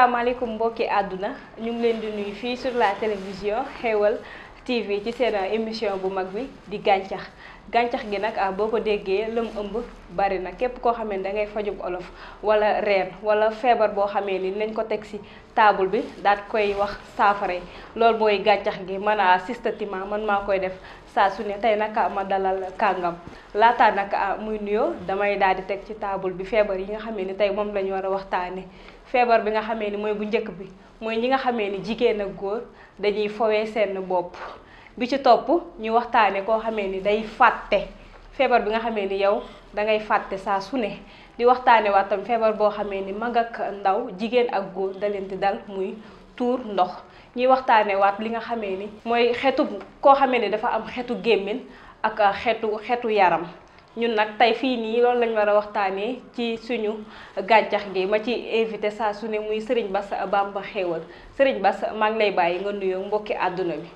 asalaamaaleykum mbokki aduna ñu ngi leen di nuyu fi sur la télévision xewal TV ci seen émission bu mag bi di gantiax gantiax gi nak ah, boko déggé déggee lëm ëmb bari na képp ko xamé da ngay fajuk olof wala reen wala fièvre bo xamé ni nañ ko tek ci table bi daat koy wax safaré lool boy gantiax gi man ah, systématiquement man ma koy def saa suné tay nak ah, ma dalal kàngam lata nak muy nuyo damay daal di tek ci table bi fièvre yi nga xamé ni tay mom la wara waxtané feebar bi nga xamee ni mooy bu njëkk bi mooy ñi nga xamee ni jigéen ak góor dañuy fowee seen bopp bi ci topp ñu waxtaane koo xamee ni day fàtte feebar bi nga xamee ni yow da ngay fàtte saa su ne di waxtaane waat tam feebar boo xamee ni mag ak ndaw jigéen ak góor da leen di dal muy tuur ndox ñuy waxtaane waat li nga xamee ni mooy xetu koo xamee ni dafa am xetu gémmiñ ak xetu xetu yaram ñun nak tay fi ni lool lañ wara waxtane ci suñu gaccax gi ma ci inviter sa suñu muy serigne bass bamba xewal serigne bass ma ngi lay baye nga nuyo mbokki aduna bi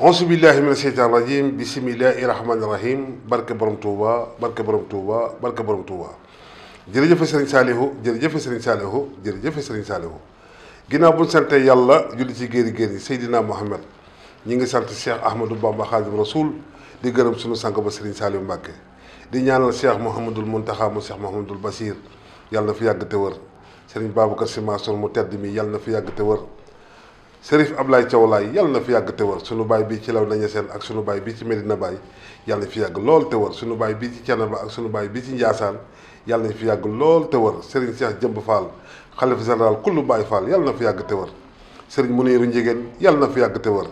onsu billahi minas rajim bismillahi rahman rahim barka borom touba barka borom touba barka borom touba jere jeuf serigne salihu jere jeuf serigne salihu jere jeuf serigne salihu gina bu sante yalla julli ci geri geri sayidina muhammad ñi nga sante cheikh ahmadou bamba khadim rasoul di gërëm suñu sang ba serigne salihu di ñaanal Cheikh Mouhamadul Mountakha mu Cheikh Mouhamadul Basir yàlla na fi yàgg te wër Serigne Babacar Sy Mansour mu tedd mi yàlla na fi yàgg te wër Serif Ablaye Thiaw Laye yàlla na fi yàgg te wër baay bii ci law nañu seen ak sunu baay bii ci Medina Baye yàlla na fi yàgg lool te wër sunu baay bii ci Thiénaba ak sunu baay bii ci Ndiassane yàlla na fi yàgg lool te wër Serigne Cheikh Jëmb Fall xalif général kullu Baye Fall yàlla na fi yàgg te wër Serigne Mouniru Njigéen yàlla na fi yàgg te wër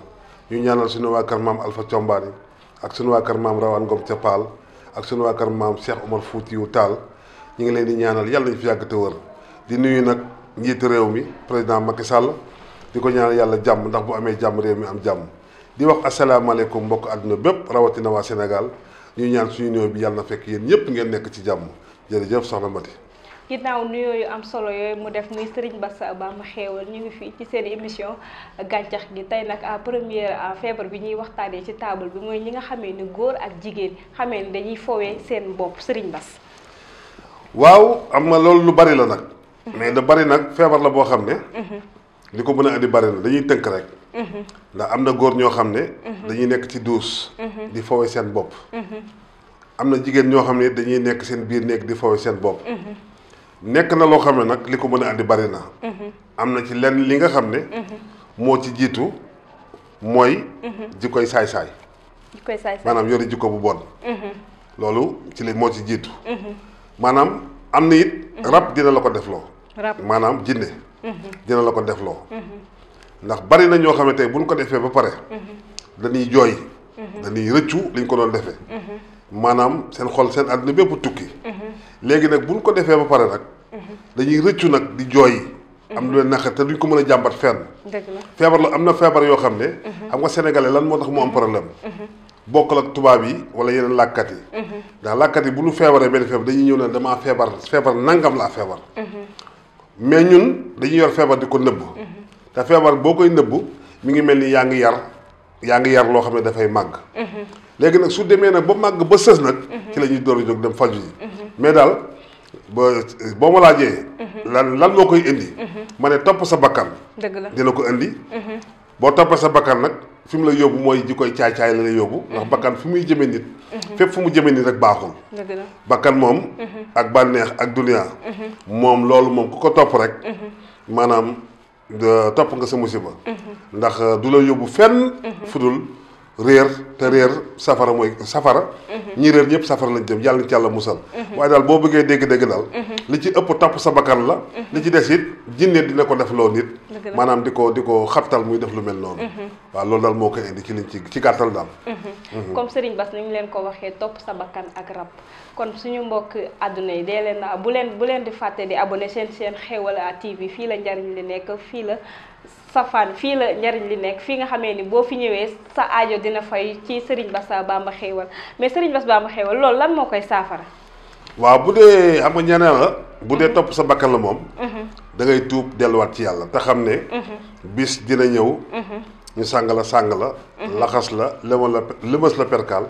ñu ñaanal sunu waa kër maam Alpha Thiombani ak sunu waa kër maam Rawane Ngom ca Paal ak sunu waa kër maam Cheikh Omar Foutiyou taal ñu ngi leen di ñaanal yàlla nañu fi yàgg te wër di nuyu nag njiitu réew mi président Macky Sall di ko ñaanal yàlla jàmm ndax bu amee jàmm réew mi am jàmm di wax asalaamaaleykum mbokk àdduna bépp rawatina waa Sénégal ñu ñaan suñu néew bi yàlla na fekk yéen ñëpp ngeen nekk ci jàmm jërëjëf soxna Mati ginnaaw nuyoo yooyu am solo yooyu mu def muy Serigne Bassa Ba mu xeewal ñu ngi fii ci seen émission gàncax gi tey nag à ah, première ah, feebar bi ñuy waxtaanee ci table bi mooy ñi nga xamee ni góor ak jigéen xamee ni dañuy fowee seen bopp Serigne Bass. waaw am na loolu lu bari la nag. Mhm. mais da bari nag feebar la boo xam ne. Mhm. li ko mën a indi bari dañuy tënk rek. Mhm. ndax am na góor ñoo xam ne. dañuy nekk ci duus. di fowee seen bopp. na jigéen ñoo xam ne dañuy nekk seen biir nekk di fowee seen bopp. nekk na loo xam ne nag li ko mën a andi bari na. Mhm. am na ci lenn li nga xam ne. Mhm. moo ci jiitu mooy. Mhm. jikkoy saay-saay. jikkoy saay-saay maanaam yori jikko bu bon. loolu ci li moo ci jiitu. maanaam am na it rab dina la ko def loo. maanaam jinne dina la ko def loo. ndax bari na ñoo xam ne tey bu ñu ko defee ba pare. dañuy jooy. dañuy rëccu liñ ko doon defe maanaam seen xol seen àdduna bépp tukki. léegi nag bu ñu ko defee ba pare nag. dañuy rëccu nag di jooy. am lu leen naqar te duñ ko mën a jàmbat fenn. dëgg la feebar la am na feebar yoo xam ne. Mhm. xam nga sénégalais lan moo tax mu am problème. Mhm. bokkal ak tubaab yi wala yeneen làkkat yi. Mhm. ndax làkkat yi bu ñu feebaree benn feebar dañuy ñëw ne damaa feebar feebar nangam laa feebar. mais ñun dañuy yor feebar di ko nëbb. te feebar boo koy nëbb mu ngi mel ni yaa ngi yar yaa ngi yar loo xam ne dafay màgg. léegi nag su demee nag ba màgg ba sës nag. ci la ñuy door a jóg ba boo ma laajee. Mhm. lan lan moo koy indi. Mhm. ma ne topp sa bakkan. dëgg dina ko indi. Mhm. boo toppee sa bakkan nag fi mu la yóbbu mooy ji koy caay-caay la lay yóbbu. ndax bakkan fi muy jëmee nit. fépp fu mu jëmee nit rek baaxul. dëgg bakkan moom. ak bànneex ak dunia. moom loolu moom ku ko topp rek. maanaam topp nga sa musiba. ndax du la yóbbu fenn. fudul. réer te réer safara mooy safara mhm. ñi réer ñëpp safara lañ jëm yàlla na ci yàlla musal mhm. waaye daal boo bëggee dégg-dégg daal mhm. li ci ëpp topp sa bakkan la li ci des it jinne dina ko def loo nit maanaam di ko di ko xattal muy def lu mel noonu waaw loolu daal moo koy indi ci liñ ci ci gàttal daal comme Serigne Bass ni ñu leen ko waxee topp sa bakkan ak rab kon suñu mbokk àdduna yi dee leen bu leen bu leen di fàtte di abonné seen seen Xeweul TV fii la njariñ safan fi la ñariñ li nek fi nga xamé ni bo fi ñëwé sa aajo dina fay ci sëriñ Bassa Bamba xéewal mais sëriñ Bassa Bamba xéewal lool lan mo koy safara wa bu dee xam nga ñeneen la bu dee mhm. sa bakkan la mom mhm. da ngay delu wat ci yalla ta xamné mhm. bis dina ñëw ñu sangala sangala la laxas la lema la la perkaal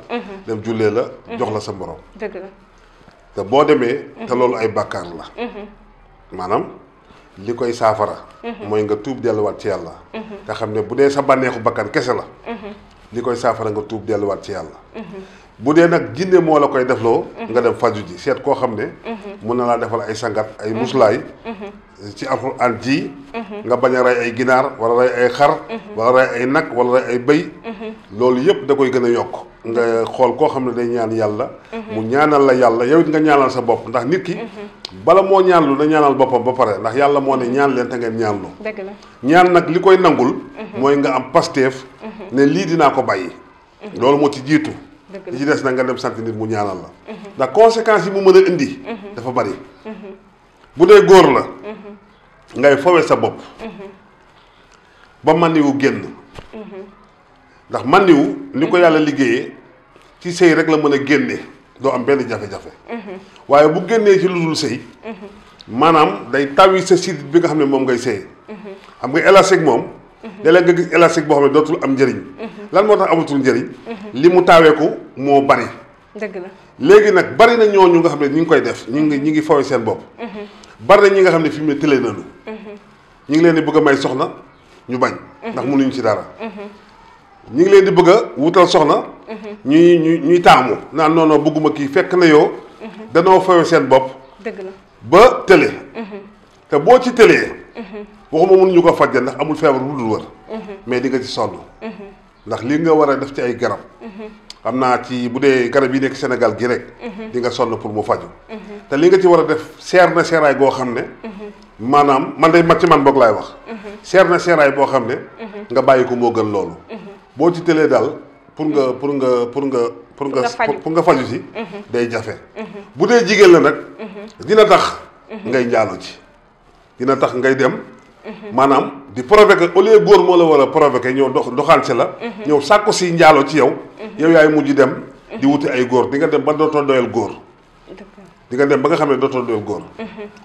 dem jullee la jox la sa borom dëgg la te bo démé te lool ay bakkar la manam li koy saafara. Mhm. mooy nga tuub delluwaat ci yàlla. Mhm. te xam ne bu dee sa bànneexu bakkan kese la. Mhm. li koy saafara nga tuub delluwaat ci yàlla. bu dee nag jinne moo la koy defloo. nga dem faju ji seet koo xam ne. mun na laa defal ay sangat ay muslaay. ci alxuraan ji. nga bañ a rey ay ginaar wala rey ay xar. wala rey ay nag wala rey ay bëy. loolu yëpp da koy gën a yokk. nga xool koo xam ne day ñaan yàlla mu ñaanal la yàlla yow it nga ñaanal sa bopp ndax nit ki bala moo ñaanlu na ñaanal boppam ba pare ndax yàlla moo ne ñaan leen te ngeen ñaanlu ñaan nag li koy nangul mhm. mooy nga am pasteef mhm. ne lii dinaa ko bàyyi mhm. loolu moo ci jiitu li ci des nag nga dem sant nit mu ñaanal la ndax conséquences yi mu mën a indi dafa bari bu dee góor la ngay fowe sa bopp ba maniwu génn ndax man niwu ni ko mhm. yàlla liggéeyee ci sëy rek la mën a génne doo am benn jafe-jafe mhm. waaye bu génnee ci lu dul sëy mhm. maanaam day tawi sa sidit bi nga xam ne moom ngay sëy xam nga élastique moom léeg la nga gis élastique boo xam ne dootul am njëriñ lan moo tax amatul njëriñ li mu taawee ko moo bari dëgg la léegi nag bari na ñooñu nga xam ne ñu ngi koy def ñu ngi ñi ngi fooy seen bopp bari na ñi nga xam ne fi mu ne tëlee ñu ngi leen di bëgg a may soxna ñu bañ ndax ci dara ñu ngi leen di bëgg a wutal soxna. Mhm. ñuy ñuy ñuy taamu naan non non bëgguma kii fekk na yow. Mhm. danoo fawe seen bopp. dëgg ba tële. Mhm. te boo ci tëlee. waxuma mënuñu ko fajjal ndax amul feebar bu dul wër. mais di nga ci sonn. ndax li nga war a def ci ay garab. xam naa ci bu dee garab yi nekk Sénégal gi rek. di nga sonn pour mu faju te li nga ci war a def seer na seeraay goo xam ne. maanaam man day mat ci man boog laay wax. seer na seeraay boo xam ne. nga bàyyi ko moo gën loolu. boo ci tëlee daal pour nga mm-hmm. pour nga pour nga pour nga pour nga faju si mm-hmm. day jafe mm-hmm. bu dee jigéen la nag dina tax ngay njaalo ci dina tax ngay dem maanaam di provoquer au lieu góor moo la war a provoquer ñëw dox si la ñëw sàkku si njaalo ci yow yow yaay mujj dem di wuti ay góor di nga dem ba dootoo doyal góor di nga dem ba nga xam ne dootoo doyal góor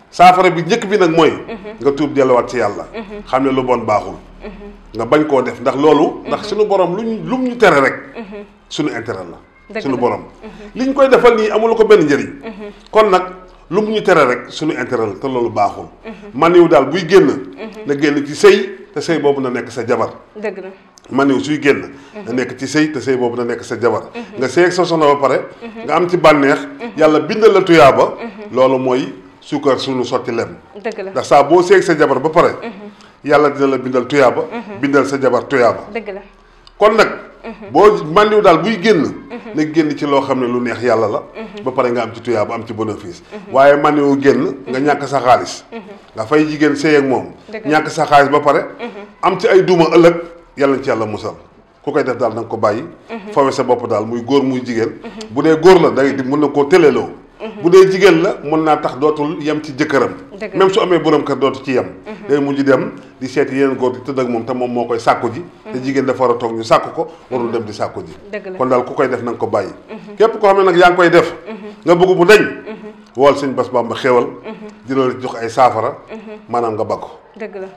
saafara bi njëkk bi nag mooy nga tuub delluwaat ci yàlla xam ne lu bon baaxul nga bañ koo def ndax loolu. ndax mhm. suñu borom luñ lum ñu tere rek. Mhm. suñu intérêt la. suñu borom. Mhm. liñ koy defal nii amul ko benn njëriñ. kon nag lum ñu tere rek suñu intérêt la te loolu baaxul. man yow daal buy génn. na génn ci sëy te sëy boobu na nekk sa jabar. dëgg la man yow suy génn. na nekk ci sëy te boobu na nekk sa jabar. nga sëy ak sa soxna ba pare. nga am ci bànneex. yàlla bindal la tuyaaba. loolu mooy suukar suñu sotti lem. dëgg la ndax saa boo sëy sa jabar ba pare. yàlla dina la bindal tuyaaba. Mhm. bindal sa jabar tuyaaba. dëgg la kon nag. Mhm. boo màndiw daal buy génn. Mhm. na génn ci loo xam ne lu neex yàlla la. ba pare nga am ci tuyaaba am ci bénéfice. waaye màndiwu génn nga ñàkk sa xaalis. nga fay jigéen sëy ak moom. ñàkk sa xaalis ba pare. am ci ay duma ëllëg yàlla ci yàlla musal. ku koy def daal na ko bàyyi. fawe sa bopp daal muy góor muy jigéen. bu dee góor la day mën na koo tëleloo. Mhm. bu dee jigéen la mën naa tax dootul yem ci jëkkëram même su amee borom kër dootu ci yem mhm. day mujj dem di seeti yeneen góor di tëdd ak moom te moom moo koy sàkku ji mhm. te jigéen dafa war a toog ñu sàkk ko warul dem di sàkku ji kon daal ku koy def na nga ko bàyyi képp koo xam ne nag yaa ngi koy def nga bëgg bu dañ wool sëñ Bass Bamba xewal dina la jox ay saafara maanaam nga baggu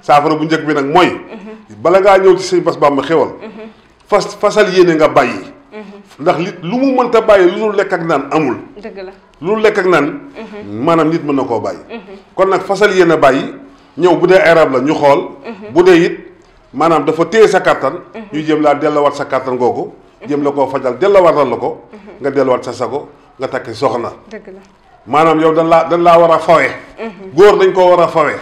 saafara bu njëkk bi nag mooy bala ngaa ñëw ci sëñ Bass Bamba xéewal fas fasal yéene nga bàyyi ndax li lu mu mënta bàyyi lu lekk ak naan amul dëgg lu lekk ak naan maanaam nit mën na koo bàyyi kon nag fasal yéen a bàyyi ñëw bu dee arab la ñu xool bu dee it maanaam dafa téye sa kattan ñu jëm laa delluwaat sa kattan googu jëm la koo fajal delluwaatal la ko nga delluwaat sa sago nga takki soxna maanaam yow dañ laa dañ laa war a fawe góor dañ koo war a fawe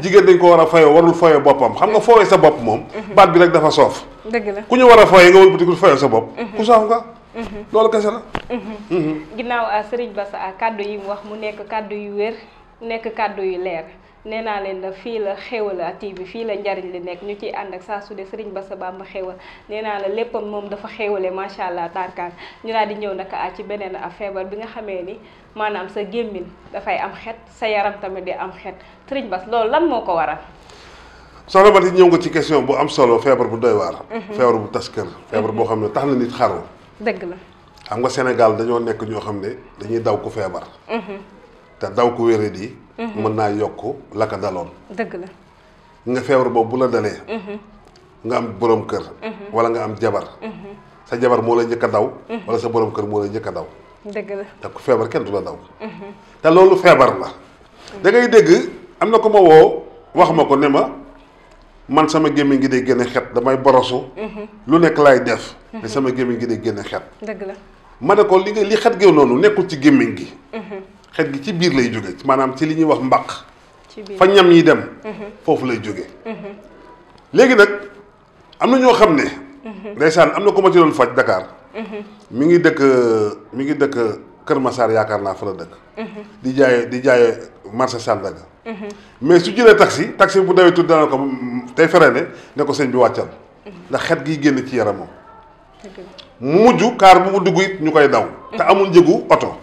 jigéen dañ ko war a fayoo warul fayoo boppam xam nga fooyee sa bopp moom baat bi rek dafa soof dëgg la ku ñu war a fooyee nga wëlbatiku fayoo sa bopp ku soof nga Mhm. loolu kessa la. Mhm. Mhm. ginnaaw ah, Serigne Bassa ah, kàddu yi wax mu nek kàddu yu werr nek kàddu yu leer. nee naa leen la fii la xéwal TV fi la njariñ li nek ñu ci and ak sa su dee Serigne Bassa ba ma xewal neena la leppam mom dafa xewale ma sha allah tarkaan ñu la di ñew nak a ah, ci benen a feebar bi nga xamee ni manam sa gemmin da fay am xet sa yaram tamit di am xet Serigne Bass loolu lan moko ko waral. soxna Mati ñëw nga ci question bu am solo feebar bu doy war feebar bu tas kër. bo boo xam tax na nit xaru. dëgg la xam nga Sénégal dañoo nekk ñoo xam ne dañuy daw ku feebar mhm. te daw ku wéréd yi mhm. mën naa yokk la ko daloon dëgg la nga feebar boobu bu la dalee mhm. nga am borom kër wala nga am jabar sa jabar moo la njëkk a daw wala sa borom kër moo la njëkk a daw dëgg la te ku feebar kenn du la daw te loolu feebar la da ngay dégg am na ko ma woo wax ma ko ne ma man sama gémmiñ gi day génne xet damay borosu. Mm-hmm. lu nekk laay def. te mm-hmm. sama gémmiñ gi day génne xet. dëgg ma ne ko li nga li xet gi noonu nekkul ci gémmiñ gi. Mm-hmm. xet gi ci biir lay jóge maanaam ci li ñuy wax mbaq. ci fa ñam yi dem. foofu lay jóge léegi nag am na ñoo xam ne. ndeysaan am na ko ma ci doon faj Dakar. mi ngi dëkk mu ngi dëkk Kër Massar yaakaar naa fa la dëkk. di jaay di jaay. marché Sandaga mhm. mais su jëlee taxi taxi bu dawee tudd dana ko tey freiné ne ko sëñ bi wàccal mhm. ndax xet gi génn ci yaramam mu mujj kaar bu mu dugg it ñu koy daw te mhm. amul njëgu oto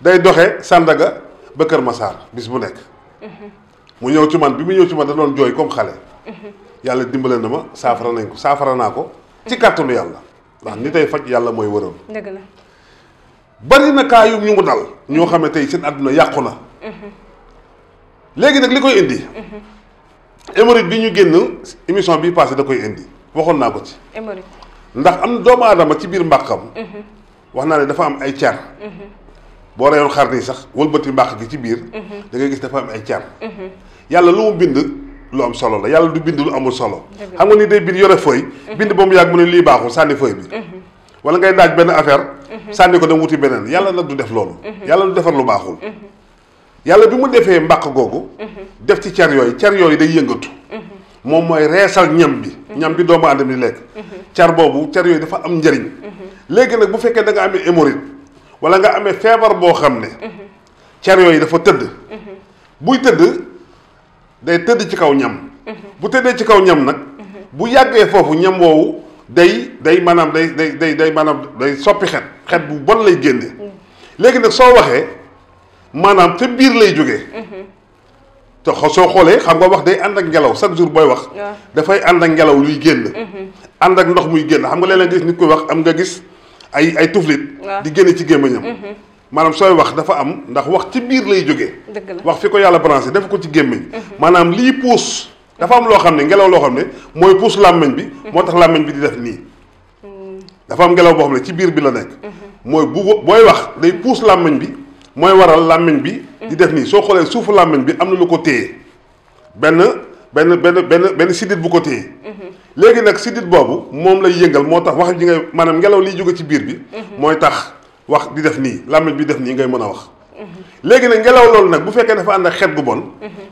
day doxe Sandaga ba Kër Massar bis bu nekk mu ñëw ci man bi mu ñëw ci man da doon jooy comme xale yàlla dimbale na ma saafara nañ ko saafara naa ko ci kàttanu yàlla ndax ni tey faj yàlla mooy wëral dëgg la bari ñu mu dal ñoo xam ne tey seen àdduna yàqu na léegi nag li koy indi. hémorroïde bi ñu génn émission bi passé da koy indi waxoon naa ko ci. hémorroïde ndax am doomu aadama ci biir mbàqam. Mhm. wax naa ne dafa am ay car. Mhm. boo reyoon xar nii sax wëlbati mbàq gi ci biir. Mhm. da ngay gis dafa am ay car. yàlla lu mu bind lu am solo la yàlla du bind lu amul solo. xam nga ni de bind yore fooy bind ba mu yàgg mu ne lii baaxul sànni feuille bi. wala ngay daaj benn affaire. sànni ko dem wuti beneen yàlla nag du def loolu. yàlla du lu baaxul. yàlla bi mu defee mbàq googu. Mhm. def ci car yooyu car yi day yëngatu. Mhm. moom mooy reesal ñam bi. Mhm. ñam bi doomu aadama di lekk. car boobu car yi dafa am njariñ léegi nag bu fekkee danga nga amee hémorroïde wala nga amee feebar boo xam ne. car yi dafa tëdd. buy tëdd day tëdd ci kaw ñam. bu tëddee ci kaw ñam nag. bu yàggee foofu ñam woowu day day maanaam day day day day maanaam day soppi xet xet bu bon lay génne. Mm. léegi nag soo waxee. maanaam ca biir lay jógee. Mhm. te soo xoolee xam nga wax day ànd ak ngelaw chaque jour booy wax. dafay ànd ak ngelaw luy génn. Mhm. ànd ak ndox muy génn xam nga léeg-léeg gis nit koy wax am nga gis ay ay tuflit. di génne ci gémmiñam. Mhm. maanaam sooy wax dafa am ndax wax ci biir lay jógee. wax fi ko yàlla branché ko ci gémmiñ. maanaam lii puus dafa am loo xam ne ngelaw loo xam ne mooy puus làmmiñ bi. moo tax làmmiñ bi di def nii. Mm. dafa am ngelaw boo xam ne ci biir bi la nekk. mooy bu booy wax day puus làmmiñ bi. moy waral làmmiñ bi. di def ni so xolé suufu làmmiñ bi amna lu ko téye ben Ben, ben, ben, ben, sidit bu ko téye. Mhm. légui nak sidit bobu mom lay yëngal motax wax gi ngay manam ngelaw li jóge ci biir bi. moy mhm. tax wax di def ni bi def ni ngay wax. Mhm. ngelaw bu dafa xet gu bon.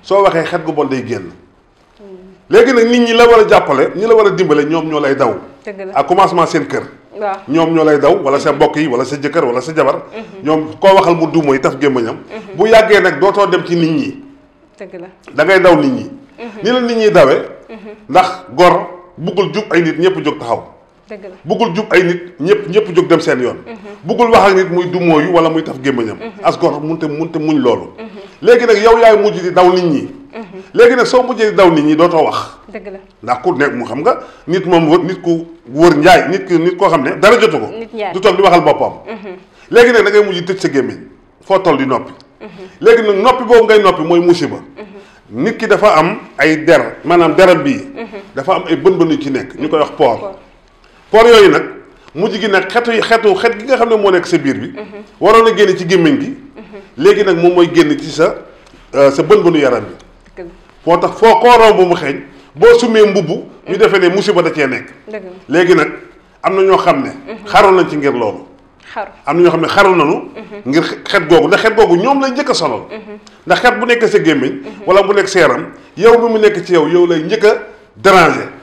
so xet gu bon day génn. légui nit ñi la wara jappalé ñi la daw. à waaw ñoom ñoo lay daw wala sa mbokk yi wala sa jëkkër wala sa jabar mhm. ñoom koo waxal mu yi taf gémmañam mhm. bu yàggee nag too dem ci nit ñi dëgg la da daw nit ñi mhm. ni la nit ñi dawee ndax gor buggul jub ay nit ñëpp jóg taxaw dëgg buggul jub ay nit ñëpp ñëpp jóg dem seen yoon buggul wax ak nit muy dumooyu wala muy taf gémmañam as gor munte munte muñ loolu léegi nag yow yaay mujj di daw nit ñi. Mhm. léegi nag soo mujjee di daw nit ñi dootoo wax. dëgg la ndax ku nekk mu xam nga nit moom nit ku wër njaay nit ku nit koo xam ne dara jotu ko. du toog di waxal boppam. Mhm. léegi nag dangay ngay mujj tëj sa gémmiñ foo toll di noppi. Mhm. léegi nag noppi boobu ngay noppi mooy musiba. nit ki dafa am ay der maanaam deram bii. dafa am ay bën-bën ci nekk ñu koy wax poor. poor yooyu nag. mujj gi nag xetu xetu xet gi nga xam ne moo nekk sa biir bi waroon a génn ci gémmiñ gi léegi nag moom mooy génn ci sa euh, sa bën bënu yaram bi moo tax foo koo romb mu xeeñ boo sumee mbubb ñu defee ne musiba da cee nekk léegi nag am na ñoo xam ne mhm. xaroon nañ ci ngir loolu am na ñoo xam ne xaroon nañu mhm. ngir xet googu ndax xet googu ñoom lay njëkk a sonal mhm. ndax xet bu nekk sa gémmiñ wala bu nekk sa yaram yow bi mu nekk ci yow yow lay njëkk a déranger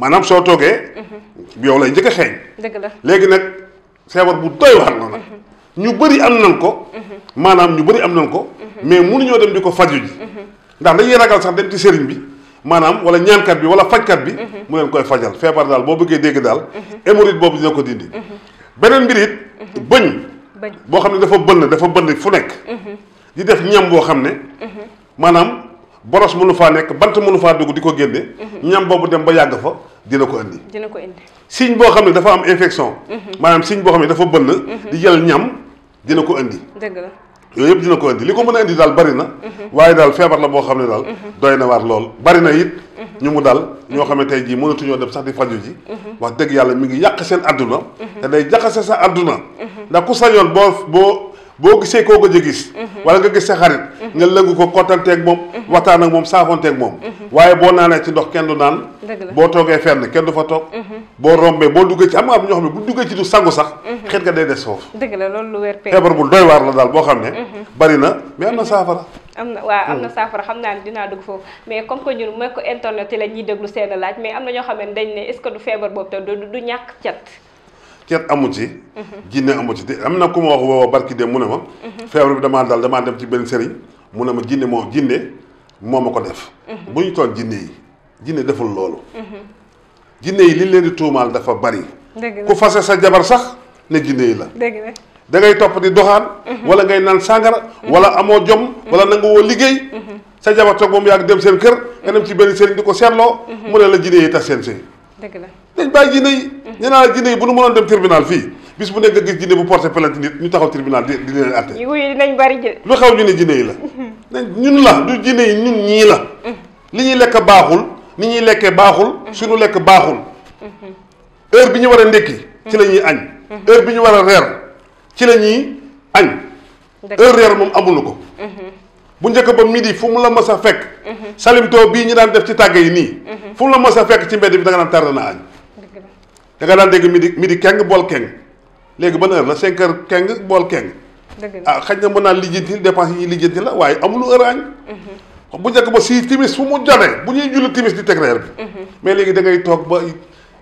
maanaam soo toogee. Mhm. yow lay njëkk a xeeñ. dëgg léegi nag feebar bu doy waar la nag. Mhm. ñu bëri am nañ ko. Mhm. maanaam ñu bëri am nañ ko. mais mu ñoo dem di ko faju ji. ndax dañuy ragal sax dem ci sëriñ bi. maanaam wala ñaankat bi wala fajkat bi. mu leen koy fajal feebar daal boo bëggee dégg daal. hémorroïde boobu dina ko dindi. beneen mbir it. bëñ. bëñ boo xam ne dafa bënn dafa bënn fu nekk. di def ñam boo xam ne. maanaam boros mënu faa nekk bant mënu faa dugg di ko génne. ñam boobu dem ba yàgg fa. dina ko indi. dina ko indi signe boo xam ne dafa am infection. Mhm. maanaam signe boo xam ne dafa bënn. Mhm. di jël ñam dina ko indi. dëgg la yooyu yëpp dina ko indi li ko mën a indi daal bari na. Mhm. waaye daal feebar la boo xam ne daal. doy na waar lool bari na it. ñu mu dal ñoo xam ne tey jii mënatuñoo dem sax di faju ji. wax dëgg yàlla mi ngi yàq seen àdduna. te day jaxase sa àdduna. ndax ku sañoon boo boo. boo gisee koo gëj a gis. Mhm. wala nga gis sa xarit. Mhm. nga lëngu ko kottanteeg moom. Mhm. waxtaan ak moom saafonteeg moom. waaye boo naanee ci ndox kenn du naan. boo toogee fenn kenn du fa toog. boo rombee boo duggee ci am nga am ñoo xam ne nga day des foofu. dëgg la loolu lu wér feebar bu doy waar la daal boo xam ne. bari na mais am na saafara. am na waaw am na saafara xam naa ne dinaa dugg foofu mais comme que ñun mooy ko internet yi la ñuy seen laaj mais am na ñoo xam ne dañ ne est-ce que du feebar boobu te du ñàkk cat ket amu ci jinne amu ci te am na ku ma wax woo barki dem mu ne ma feebar bi damaa dal damaa dem ci benn sëriñ mu ne ma jinne moo jinne moo ma ko def bu ñu toog jinne yi jinne deful loolu jinne yi li leen tuumaal dafa bari ku fase sa jabar sax ne jinne yi la da ngay topp di doxaan wala ngay naan sàngara wala amoo jom wala nangu woo liggéey sa jabar toog moom yàgg dem seen kër nga dem ci benn sëriñ di ko seetloo mu ne la jinne yi tas seen sëy dëgg la dañ bàyyi jinne yi ñu naan jinne yi bu nu mënoon dem tribunal fii bis bu nekk nga gis jinne bu porté plainte nit ñu taxaw tribunal di di leen atte yi dinañ bari lu xew ñu ne jinne yi la nañ ñun la du jinne yi ñun ñii la mm-hmm. li ñuy lekk baaxul ni ñuy lekkee baaxul mm-hmm. suñu lekk baaxul mm-hmm. heure bi ñu war a ndékki ci la ñuy añ heure bi ñu war a reer ci la ñuy añ heure reer moom amuñu ko bu ñëk ba midi fu mu la mësa fekk salim to bi ñu daan def ci tagay ni fu mu la mësa fekk ci mbéd bi da nga daan tardana añ. da nga daan dégg midi midi keng bol keng légui ba neur la 5h keng bol keng. ah xañ na mëna naa dépenses yi lijjanti la waaye amulu heure añ. Mhm. bu ñëk ba si timis fu mu jone bu ñuy julli timis di teg reer bi. Mhm. mais légui da ngay tok ba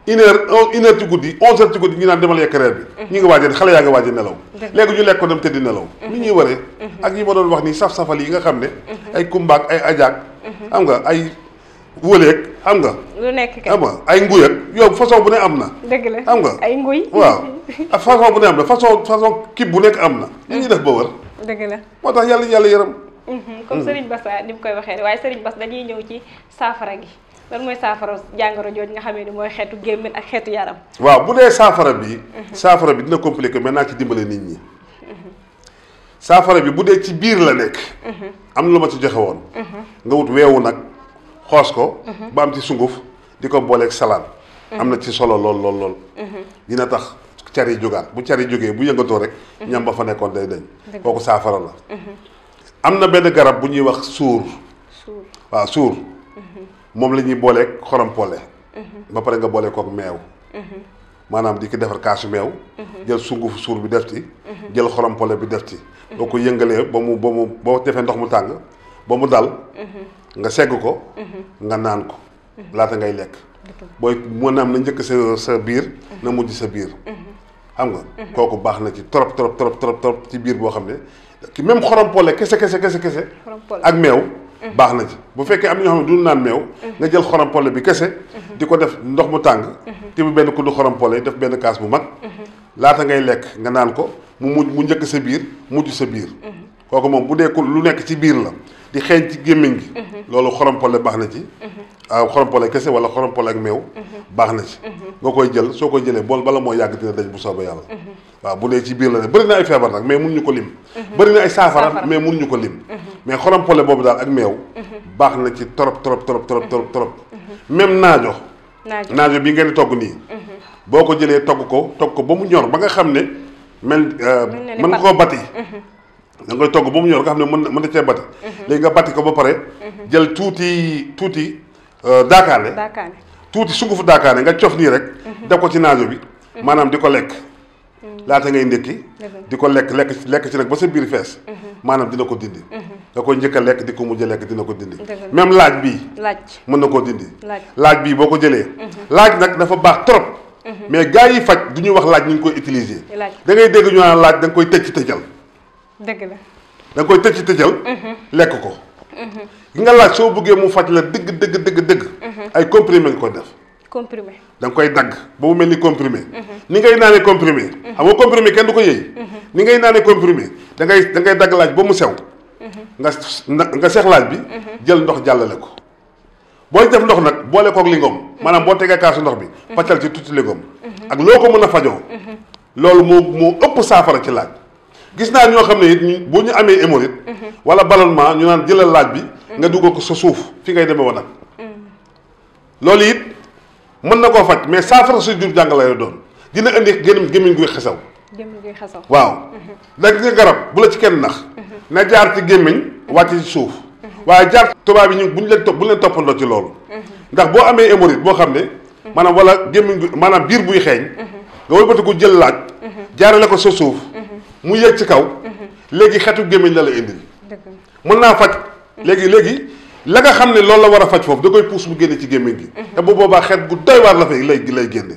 une heure une heure ci guddi onze ci guddi ñu naan demal yekk reer bi mhm. ñu ngi waaje xale yaa ngi waaje nelaw léegi ñu lekk ko dem tëddi nelaw li mhm. ñuy waree mhm. ak ñi ma doon wax nii saf-safal yi xam ne ay kumbaak ay ajaak nga ay wëleeg xam nga nekk kay xam nga ay nguy ak façon bu ne am na dëgg la xam ay nguy waaw ak façon bu ne am na façon façon kib bu nekk am na li ñuy def ba wër dëgg la moo tax yàlla yàlla yaram comme Serigne Bass ni mu koy waxee waaye Serigne Bass dañuy ñëw ci saafara gi lan mooy saafara jàngoro jooju nga xamee ni mooy xeetu gémmin ak xeetu yaram waaw bu dee bi safara bi dina compliqué mais naa ci dimbale nit ñi bi bu dee ci biir la nekk am na lu ma ci joxe woon nga wut weewu nag xoos ko ba am ci sunguf di ko booleeg salaat am ci solo lool lool lool dina tax cari jógaat bu cari jógee bu yëngatoo rek ñam ba fa nekkoon day dañ kooku saafara la am na garab bu ñuy wax suur mom lañuy bolé ak xorom polle mhm. ba paré nga boole koog meew manam mhm. di ko defar kaasu meew mhm. jël sunguf suur bi def ci jël xorom polé bi def ci boo yëngalé ba mu ba mu bo défé ndox mu tang ba mu dal nga ségg ko nga naan ko laata ngay lekk booy maanaam na ñëk sa biir na mujj sa biir xam nga koku baax na ci trop trop trop trop trop ci biir bo xamné ki même xorom polé kese kese kese kese ak méw Mhm. baax na ci bu fekkee am na ñoo xam ne du naan meew mhm. nga jël xorompole bi kese mhm. di ko def ndox mu tàng te bu benn kuddu xorom pole def benn kaas bu mag laata ngay lekk nga naan ko mu mujj mu njëkk sa biir mujj sa biir kooku moom bu dee ko lu nekk ci biir la di xeeñ ci gémmiñ gi loolu xorom pole baax na ci ah, xorom pole kese wala xorom pole ak meew baax na ci nga koy jël soo koy jëlee bool bala moo yàgg dina daj bu soobee yàlla waaw bu dee ci biir la na ay feebar nag mais mënuñu ko lim bëri na ay saafara mais mënuñu ko lim mais xorom pole boobu daal ak meew. Mm-hmm. baax na ci torop torop torop torop torop mm-hmm. torop. Mm-hmm. même naajo. naajo bi ngeen togg nii. boo ko jëlee togg ko togg ko ba mu ñor ba nga xam ne mel. Euh, mën nga koo bati. da ba mu ñor xam ne mën na mën na cee bati. léegi nga bati ko ba pare. jël tuuti tuuti euh, daakaane. daakaane tuuti sungufu daakaane nga coof nii rek. def ko ci naajo bi. maanaam di ko lekk. laata ngay ndékki. di ko lekk lekk lekk ci nag ba sa biir fees. maanaam dina ko dindi mhm. da koy njëkk a lekk di ko mujj lekk dina ko dindi même laaj bii mën na koo dindi laaj bii boo ko jëlee mhm. laaj nag dafa baax trop mhm. mais gars yi faj du ñu wax laaj ñu ngi koy da ngay dégg da nga koy tëj ci tëjal dëgg la da nga koy tëj ci tëjal lekk ko gi nga laaj soo bëggee mu faj la dëgg dëgg dëgg dëgg ay comprimé nga ko def comprimé da nga koy dagg ba mel ni comprimé ni ngay naanee comprimé xam nga comprimé kenn du ko yëy ni ngay naanee comprimé da ngay da ngay dagg laaj ba mu sew. Mhm. nga nga seex laaj bi. Mhm. jël ndox jàllale ko. boo def ndox nag boole koog lingom mhm. maanaam boo tegee kaasu ndox bi. pàccal ci tuuti lingom ak ko mën a fajoo. loolu moo moo ëpp saafara ci laaj. gis naa ñoo xam ne it bu amee wala ballonnement ñu naan jëlal laaj bi. nga ko sa suuf fi ngay demee woon nag. loolu it mën na koo faj mais saafara suy jur jàng lay doon dina indi génn gémmiñ guy xesaw. gémmiñ ngay waaw mhm. léegi garab bu la ci kenn nax mhm. na jaar ci gémmiñ mhm. wàcc ci suuf waaye jaar tubaab yi ñu bu ñu leen topp bu ñu leen toppandoo ci loolu ndax boo amee hémorroïde boo xam ne maanaam wala gémmiñ gu maanaam biir buy xeeñ nga wëlbati ko jël laaj la ko sa suuf mu yëg ci kaw léegi xetu gémmiñ la la indil mën naa faj léegi léegi la nga xam ne loolu la war a faj foofu da koy puus mu génne ci gémmiñ gi te bu boobaa xet bu doy waar la fay lay lay génne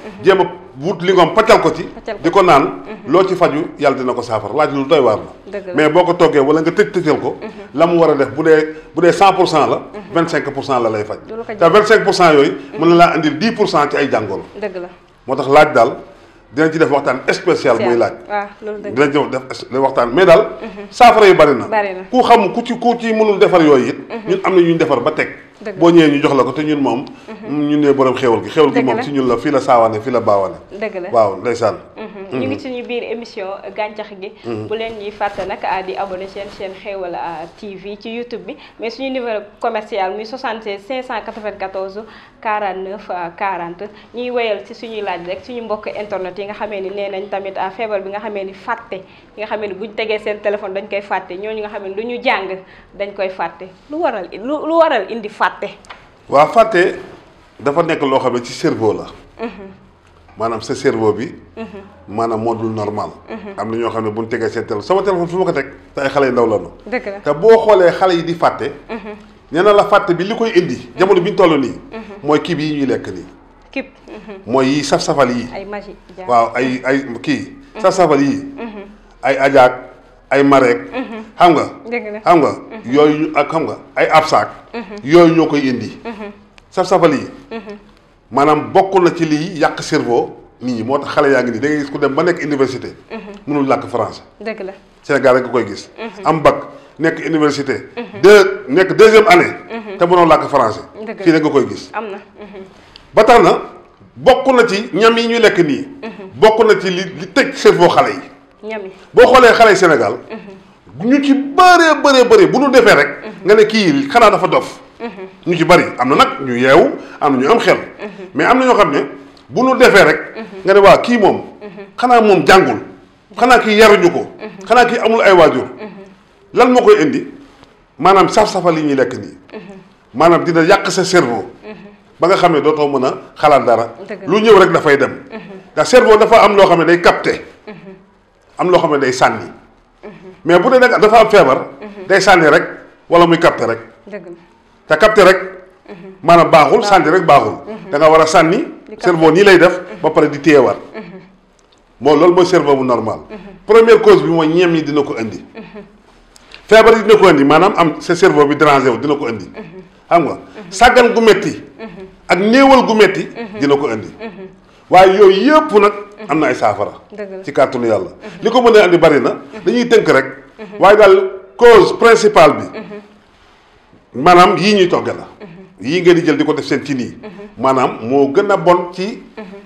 jema wut li patal ko ci diko nan lo ci faju yalla dina ko safar laj lu doy waar la mais boko toge wala nga tëj tëjal ko mhm. la wara def budé budé 100% la 25% mhm. la lay faj ta 25% yoy pour cent yooyu mhm. mën na laa indil ci ay jangol deug la motax laj dal dina ci def waxtan spécial moy laj ah, dina ci def waxtan mais dal safara yu bari na ku xam ku ci ku ci mënul defar yoy it ñun am na ñu defar ba tek boo ñëwee ñu jox la ko te ñun moom mhm. ñu ne borom xéewal gi xéewal gi moom ci ñun la fii la saawane fii la baawane dëgg la waaw ndeysaan Mm-hmm. ñu ngi suñu biir émission gàncax gi. Mm-hmm. bu leen ñuy fàtte nag ah, di abonné seen seen Xeweul ah, TV ci YouTube bi mais suñu numéro commercial muy 76 594 49 40 ñuy wéyal ci suñuy laaj rek suñu mbokk internet yi nga xamee ni nee nañ tamit ah, feebar bi nga xamee ni fàtte yi nga xamee ni buñ tegee seen téléphone dañ koy fàtte ñoo ñooñu nga xam ne lu ñu jàng dañ koy fàtte lu waral lu waral indi fàtte. waa fàtte dafa nekk loo xam ci cerveau la. Mm-hmm. maanaam sa cerveau bi. Mm-hmm. maanaam moo dul normal. Mm-hmm. am na ñoo xam ne bu ñu tegee seen téléphone sama téléphone fu ma ko teg te ay xale yu ndaw la ñu. te boo xoolee xale yi di fàtte. Mm-hmm. nee na la fàtte bi li koy indi. jamono bi ñu toll nii. mooy kii bi yi ñuy lekk nii. kib. mooy yii saf safal yii. ay magie waaw ay ay kii. saf safal yii. ay ajaak ay mareek. xam nga. xam nga yooyu ak xam nga ay absaak. yooyu ñoo koy indi. saf safal yii. manam suis na ci cerveau nit da dem ba université. Mhm. mënul français. dëgg la Sénégal mhm. mhm. nga koy gis. am bac université. deux nek deuxième année. té mënoo On français. fi nga koy gis. amna ba ci ñam yi ñu ni ci li li cerveau xalé yi. Sénégal. ñu ci bu ñu défé rek. nga ñu ci bari am na nag ñu yeewu am na ñu am xel. Mhm. mais am na ñoo xam ne bu nu defee rek. Mhm. nga ne waa kii moom. Mhm. xanaa moom jàngul. xanaa kii yaruñu ko. xanaa kii amul ay waajur. lan moo koy indi maanaam saf-safal li ñuy lekk nii. maanaam dina yàq sa servo ba nga xam ne dootoo mën a xalaat dara. lu ñëw rek dafay dem. ndax cerveau dafa am loo xam ne day capté. am loo xam ne day sànni. mais bu dee nag dafa am feebar. day sànni rek wala muy capté rek. ta capté rek mhm. manam baxul sandi rek baxul mhm. da nga wara sanni cerveau ni lay def ba pare di téyewaat mo mhm. lol moy cerveau bu normal première cause bi mooy ñem ni dina ko andi feebar dina ko andi manam am ce cerveau bi dérangé wu dina ko andi xam nga sàggan gu metti ak néewal gu metti dina ko andi waye yoy yep nak amna ay safara ci kàttanu yàlla li ko mën a indi bari na dañuy teunk rek waye dal cause principale bi manam yi ñuy toggal mhm. yi nga di jël diko def seen ci ni manam mhm. mo gëna bon ci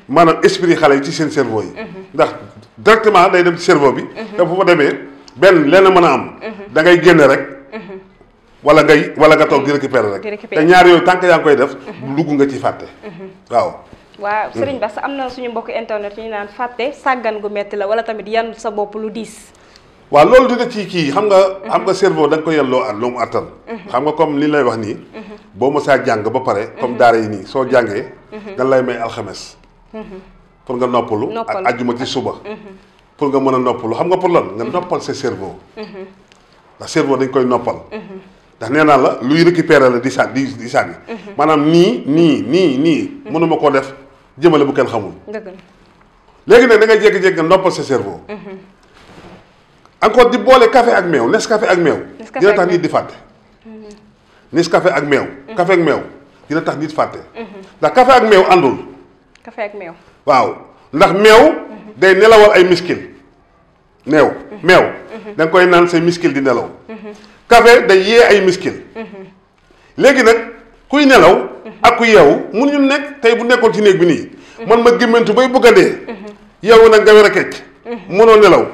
manam mhm. esprit xalé ci seen cerveau yi ndax directement day dem ci cerveau bi da fu démé ben lenn mëna am da ngay génn rek wala ngay wala nga tok di récupérer rek té ñaar yoy tank ya koy def nga ci faté waaw waaw mm. serigne bass amna suñu mbokk internet ñu faté sagan gu metti la wala tamit sa bop lu waaw loolu dina ci kii xam nga. Mhm. xam nga cerveau da ko yelloo ak lu mu attan. Mhm. xam nga comme li lay wax nii. Mhm. boo mësaa jàng ba pare comme daara yi nii soo jàngee. dañ lay may alxames. pour nga noppalu. ak ajjuma ci suba. pour nga mën a noppalu xam nga pour lan nga noppal sa cerveau. ndax cerveau dañ koy noppal. ndax nee naa la luy récupérer la di sa di di sànni. maanaam nii nii nii nii mënuma koo def jëmale bu kenn xamul. léegi nag da ngay jékki-jékki nga noppal sa cerveau. encore bois le café ak meew café ak meew. dina tax nit di de Nescafé ak meew. Mhm. Mhm. café ak meew dina tax nit fàtte. Le mhm. café ak meew café ak meew. waaw ndax meew. day avec ay miskil. meew meew. da koy naan say miskil di nelaw. café day yee ay miskil. léegi nag kuy nelaw. ak ku yeewu mun ñu avec moi, bu Mon ci néeg bi nii. man ma gémmantu bay a yow nag nga war a nelaw.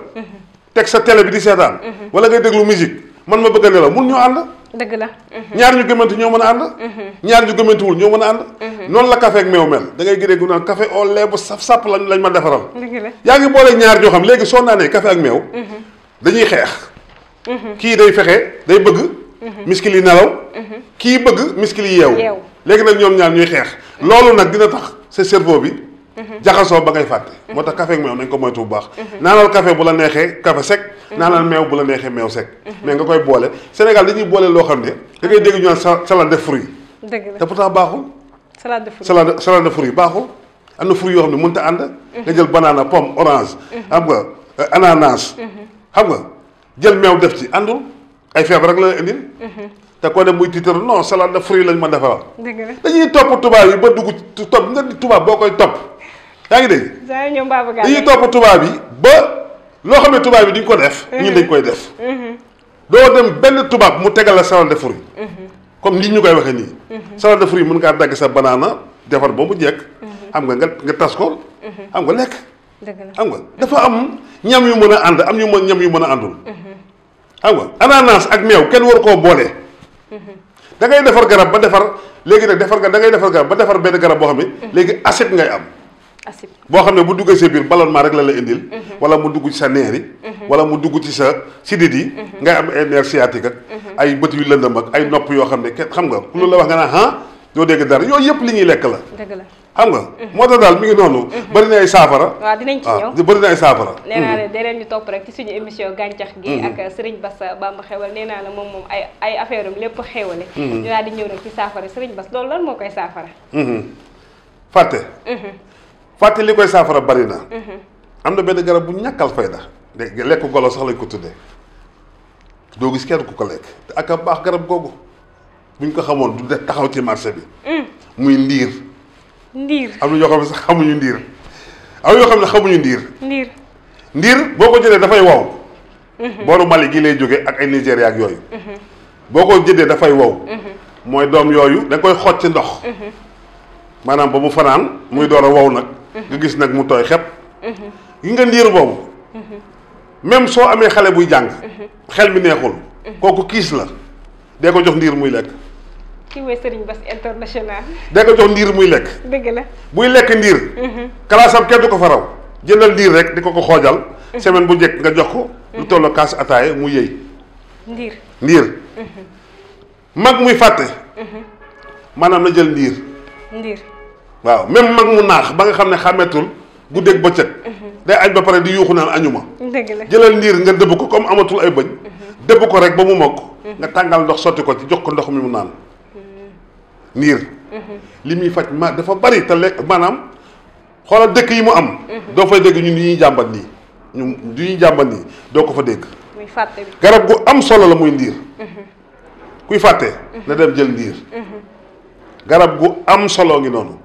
teg sa télé bi di seetaan. Mhm. wala ngay déglu musique man ma bëgg a nelaw mun ñoo ànd. Mhm. ñaar ñu gëmante ñoo mën a ànd. Mhm. ñaar ñu gëmantewul ñoo mën a ànd. noonu la café ak meew mel da ngay gëree gu naan café au lait bu saf sàpp lañ lañ ma defaral. dëgg la yaa ngi boole ñaar ñoo xam léegi soo naanee café ak meew. dañuy xeex. kii day fexe day bëgg. miskil yi nelaw. kii bëgg miskil yi yeewu. léegi nag ñoom ñaar ñuy xeex. loolu nag dina tax sa cerveau bi. Mhm. jaxal so ba ngay faté mhm. motax café ak meew nañ ko moytu bu baax nanal café bu la nexé café sec mhm. nanal meew bu la nexé meew sec mais nga koy bolé Sénégal dañuy bolé lo xamné da ngay dégg ñu salade de fruits dëgg la te pourtant baaxul salade de fruits salade salade de fruits baaxul am na fruits yoo xam ne mënut a nga jël banana pomme orange xam nga euh, ananas xam nga jël meew def ci andul ay fièvre rek la indi indil ko ne muy titre non salade de fruits lañ ma defaral dañuy top tuba yi ba dugg top nga tubaab boo koy yaa ngi dégg ñoom Babacar dañuy topp tubaab yi ba loo xam ne tubaab yi duñ ko def mhm. ñun dañ koy def mhm. doo dem benn tubaab mu tegal la salade de fruits mhm. comme li ñu koy waxee nii salade de fruits mën ngaa dagg sa banaana defar ba mu jekk xam nga nga nga tas ko xam nga lekk xam nga dafa am ñam yu mën a ànd am ñu mën ñam yu mën a àndul xam nga ananas ak meew kenn war koo boole da ngay defar garab ba defar léegi nag defar nga da ngay defar garab ba defar benn garab boo xam ne acide ngay am boo xam ne bu duggee sa biir ballonnement rek la la indil. Mhm. wala mu dugg ci sa neer yi. Mhm. mu dugg ci sa sidit yi. Mhm. ngay am ay nerf ak. ay bët yu lëndëm ak ay nopp yoo xam ne kenn xam nga ku la wax nga naan yëpp li ñuy lekk xam nga. moo tax daal mi ngi noonu. bëri na ay saafara. waaw dinañ ci ah, ñëw bëri na ay saafara. nee naa ne da leen ñu topp rek ci suñu émission gàncax gi. ak Serigne Bass Bamba xewal nee naa la moom moom ay ay affaire am lépp xewale. ñu daal di ñëw nag ci saafara Serigne Bass loolu lan moo koy saafara. fàtte li koy saafara bari na. Mhm. am na benn garab bu ñàkkal fayda. de lekk golo sax lañ ko tuddee doo gis kenn ku ko lekk te a baax garab googu buñ ko xamoon du def taxaw ci marché bi. Mm. muy ndiir. ndiir am na ñoo xam ne sax xamuñu ndiir am na xam ne xamuñu ndiir. ndiir boo ko jëlee dafay wow. Mhm. booru Mali gii lay jógee ak ay Nigéria ak yooyu. Mhm. boo ko jëndee dafay wow. mooy doom yooyu da koy xot ci ndox. maanaam ba mu fanaan muy door a wow nag. nga gis nag mu tooy xepp gi nga ndiir boobu même soo amee xale buy jàng xel mi neexul kooku kiis la dee ko jox ndiir muy lekk kii mooy Serigne Bass international dee ko jox ndiir muy lekk dëgg la buy lekk ndiir mhm. kalaasam kenn du ko fa raw jëndal ndiir rek di ko ko xoojal semaine bu njëkk nga jox ko lu toll kaas ataaye mu yëy ndiir ndiir mhm. mag muy fàtte mhm. maanaam na jël ndiir waaw même mag mu naax ba nga xam ne xàmmeetul guddeeg bëccëg day añ ba pare di yuuxu naan añu ma jëlal ndiir nga dëbb ko comme amatul ay bëñ dëbb ko rek ba mu mokk nga tàngal ndox sotti ko ci jox ko ndox mi mu naan ndiir li muy faj ma dafa bari te lekk maanaam xoolal dëkk yi mu am doo fay dégg ñun ñuy jàmbat nii ñu du ñuy jàmbat nii doo ko fa dégg garab gu am solo la muy ndiir kuy fàtte na dem jël ndiir garab gu am solo ngi noonu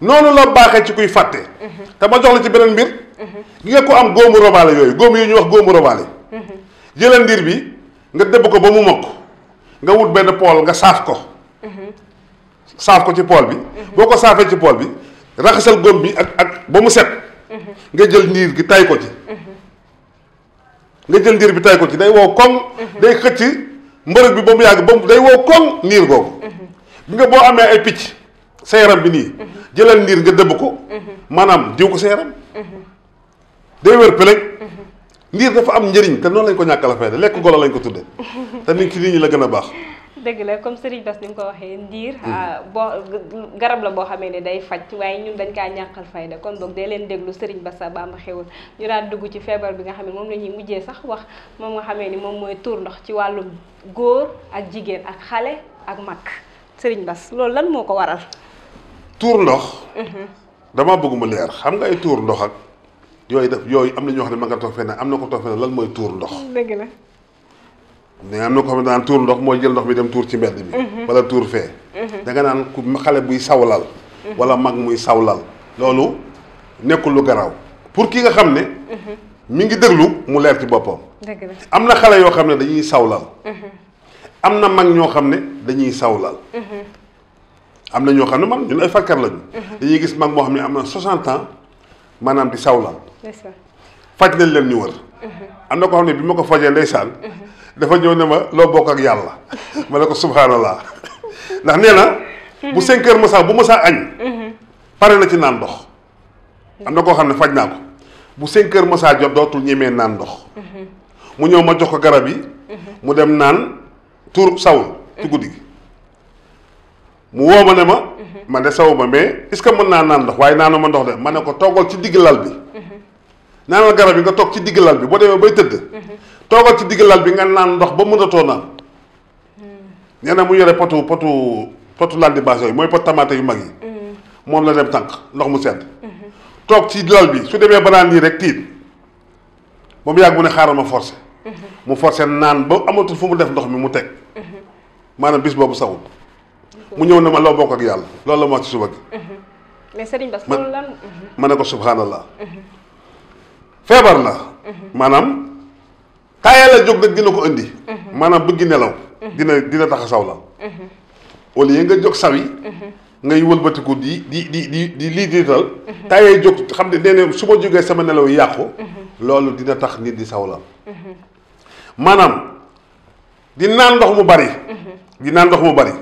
noonu la baaxee ci kuy fàtte. Mhm. te ma jox la ci beneen mbir. Mhm. gi nga ko am góomu robaale yooyu góom yi ñu wax góomu robaale. Mhm. jëlal ndiir bi nga dëbb ko ba mu mokk nga wut benn pool nga saaf ko. saaf ko ci pool bi. boo ko saafee ci pool bi raxasal góom bi ak ak ba mu set. nga jël ndiir gi tay ko ci. nga jël ndiir bi tay ko ci day wow koŋ. day xëcc mbërëg bi ba mu yàgg ba mu day wow koŋ niir googu. bi nga boo amee ay picc. sa yaram bi nii. jëlal niir nga dëbb ko. maanaam diw ko sa yaram. day wér pëlëg. niir dafa am njëriñ te noonu lañ ko ñàkkal a fay lekk golo lañ ko tudde te nit ñi la gën a baax. dëgg la comme Serigne bas ni mu ko waxee ndiir hmm. ah, boo garab la boo xamee ne day faj waaye ñun dañ kaa ñàkkal fayda kon boog day leen déglu Serigne bas Sa Bamba Xéwal ñu daan dugg ci feebar bi nga xam ne moom la ñuy mujjee sax wax moom nga xamee ni moom mooy tuur ndox ci wàllum góor ak jigéen ak xale ak mag Serigne loolu lan moo ko waral tuur ndox. Mhm. damaa bëgg mu leer xam nga ay tuur ndox ak yooyu def yooyu am na ñoo xam ne ma nga toog am na ko toog lan mooy tuur ndox. Mm, dëgg na ko xam tuur ndox mooy jël ndox mi dem tuur ci mbedd bi. Mhm. wala tuur fee. Mhm. da nga naan ku xale buy sawlal. wala mag muy sawlal. loolu nekkul lu garaaw pour ki nga xam ne. mi ngi déglu mu leer ci boppam. na xale yoo xam ne dañuy sawlal. am na mag ñoo xam ne dañuy sawlal. am na ñoo xam ne man ñun ay fajkat lañu. Mhm. dañuy gis mag moo xam ne am na 60 ans maanaam di sawla. faj nañ leen ñu wër. Mhm. am na ko xam ne bi ma ko fajee ndeysaan. Mhm. dafa ñëw ne ma loo bokk ak yàlla. ma ne ko subhanallah ndax nee na. bu 5 heures masa bu masa añ. pare na ci naan ndox. am na koo xam ne faj naa ko bu 5 heures masa jot dootul ñemee naan ndox. mu ñëw ma jox ko garab yi. mu dem naan tur sawul ci guddi gi. mu woo ma ne ma. man de sawu ma mais est-ce que mën naa naan ndox waaye naanu ma ndox de ma ne ko toggal ci digg lal bi. naanal garab yi nga toog ci digg lal bi boo demee bay tëdd. toogal ci digg lal bi nga naan ndox ba mënatoo naan. nee na mu yore potu potu potu lal di mooy pot tamaate yu mag yi. moom la dem tànk ndox mu sedd. toog ci lal bi su demee ba naan nii rek tiit ba mu yàgg mu ne xaaral ma forcé mu forcé naan ba amatul fu mu def ndox mi mu teg. maanaam bis boobu sawul. mu ñëw na ma loo bokk ak yàlla loolu la ma wax ci suba gi. Mm-hmm. mais Serigne Bass ma mm-hmm. ne ko subhanallah. Mm-hmm. feebar la. maanaam taayalal jóg nag dina ko indi. maanaam bëgg nelaw. dina dina tax a saw la. au nga jóg sawi. ngay wëlbatiku di di di di di lii diital. taayay jóg xam ne nee na su ma jógee sama nelaw yàqu. loolu dina tax nit di sawla maanaam di naan ndox mu bari. di naan ndox mu bari.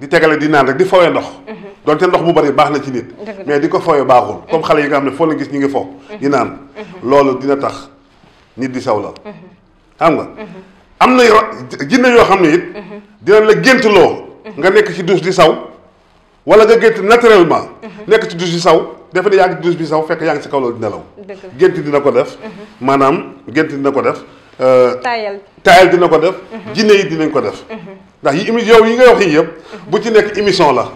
di tegale di naan rek di fowee ndox mhm. donte ndox mu bari baax na ci nit mais di ko fowee baaxul mhm. comme xale yi nga xam ne foo la gis ñu ngi fo mhm. di naan la dina tax nga am na yoo yoo xam ne it dina la géntloo nga nekk ci douche di saw wala nga gént naturellement nekk ci douche di saw defe ne yaa ngi bi saw fekk yaa ngi ci kaw loolu di nelaw gént dina ko def maanaam gént dina ko def euh, taayal dina ko def jinne yi dinañ ko def ndax yi émission yow yi nga wax yi yëpp bu ci nek émission la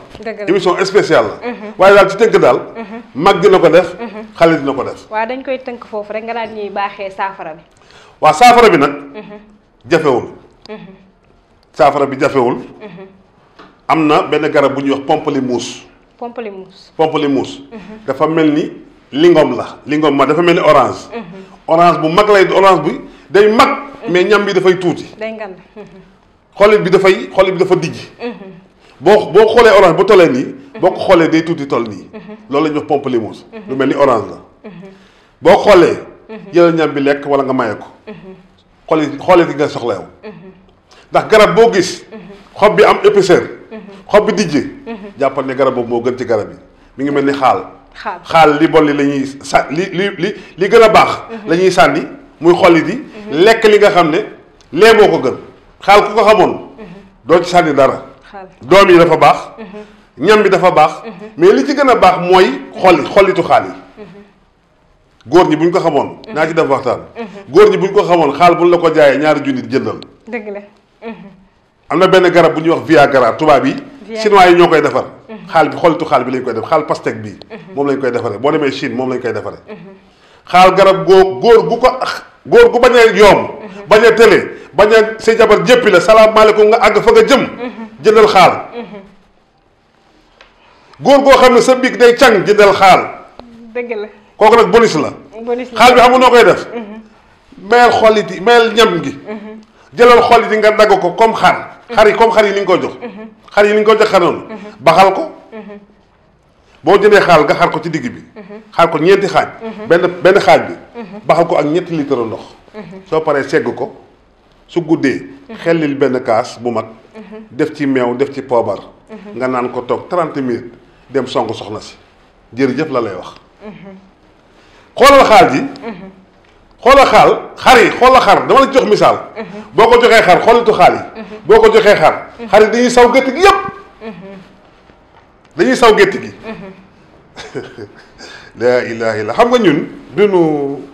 émission spéciale la mhm. waaye dal ci teunk dal mhm. mag dina ko def mhm. xale dina ko def wa dañ koy teunk fofu rek nga daal ñi baxé safara bi wa safara bi nak jafewul safara bi jafewul amna ben garab bu ñu wax pamplemousse pamplemousse mousse dafa melni lingom la lingom ma dafa melni orange orange bu mag lay orange bu day mag mais ñam bi fay tuuti day ngand xolit bi dafay xolit bi dafa dijji bo bo xolé orange bu tolé ni, bo xolé day tuuti tol ni loolu la pompe limousin lu melni orange la bo xolé yeul ñam bi lek wala nga maye ko xooli gi nga ndax garab bo gis xob bi am épaisseur xob bi dijji jàppal ne garab bo mo gën ci garab bi mi ngi melni xaal xaal li bolli lañuy li li li li gëna bax lañuy sandi muy xolli di mhm. lek li nga xam lé boko gën xaal ku ko xamoon doo ci sànni dara doom yi dafa baax ñam bi dafa baax mais li ci gën a baax mooy xolli xollitu xaal yi góor ñi bu ñu ko xamoon naa ci def waxtaan góor ñi bu ñu ko xamoon xaal buñ la ko jaayee ñaari junni jëndal dëgg la am na benn garab bu ñuy wax viagra tubaab yi chinois yi ñoo koy defar xaal bi xollitu xaal bi lañ koy def xaal pastèque bi moom lañ koy defaree boo demee Chine moom lañ koy defaree xaal garab goo góor gu ko góor gu bañ a yoom baña télé baña a jabar jëppi la salam salaamaaleykum nga ag fa nga jëm jëndal xaal goor go xam sa bik day càng jëndal xaal deug la koku nak bonus la xaal bi xamul noo def mel mhm. xoliti mel ñam gi mhm. jëlal xoliti nga dag ko comme xaar mhm. xari comme xari li nga ko jox xar li nga ko jox xanoon baxal ko bo jëne xaal nga xar ko ci digg bi xaar ko ñeenti xaj ben ben xaj bi baxal ko ak ñetti litre ndox soo paree segg ko su guddee. xellil benn kaas bu mag. def ci meew def ci poobar. nga naan ko toog 30 minutes dem song soxna si jërëjëf la lay wax. xoolal xaal ji. xoolal xaal xar yi xoolal xar dama la jox misaal. boo ko joxee xar xoolatu xaal yi. boo ko joxee xar. xar yi dañuy saw gétt gi yépp dañuy saw gétt gi. laa ilaaha illa xam nga ñun duñu.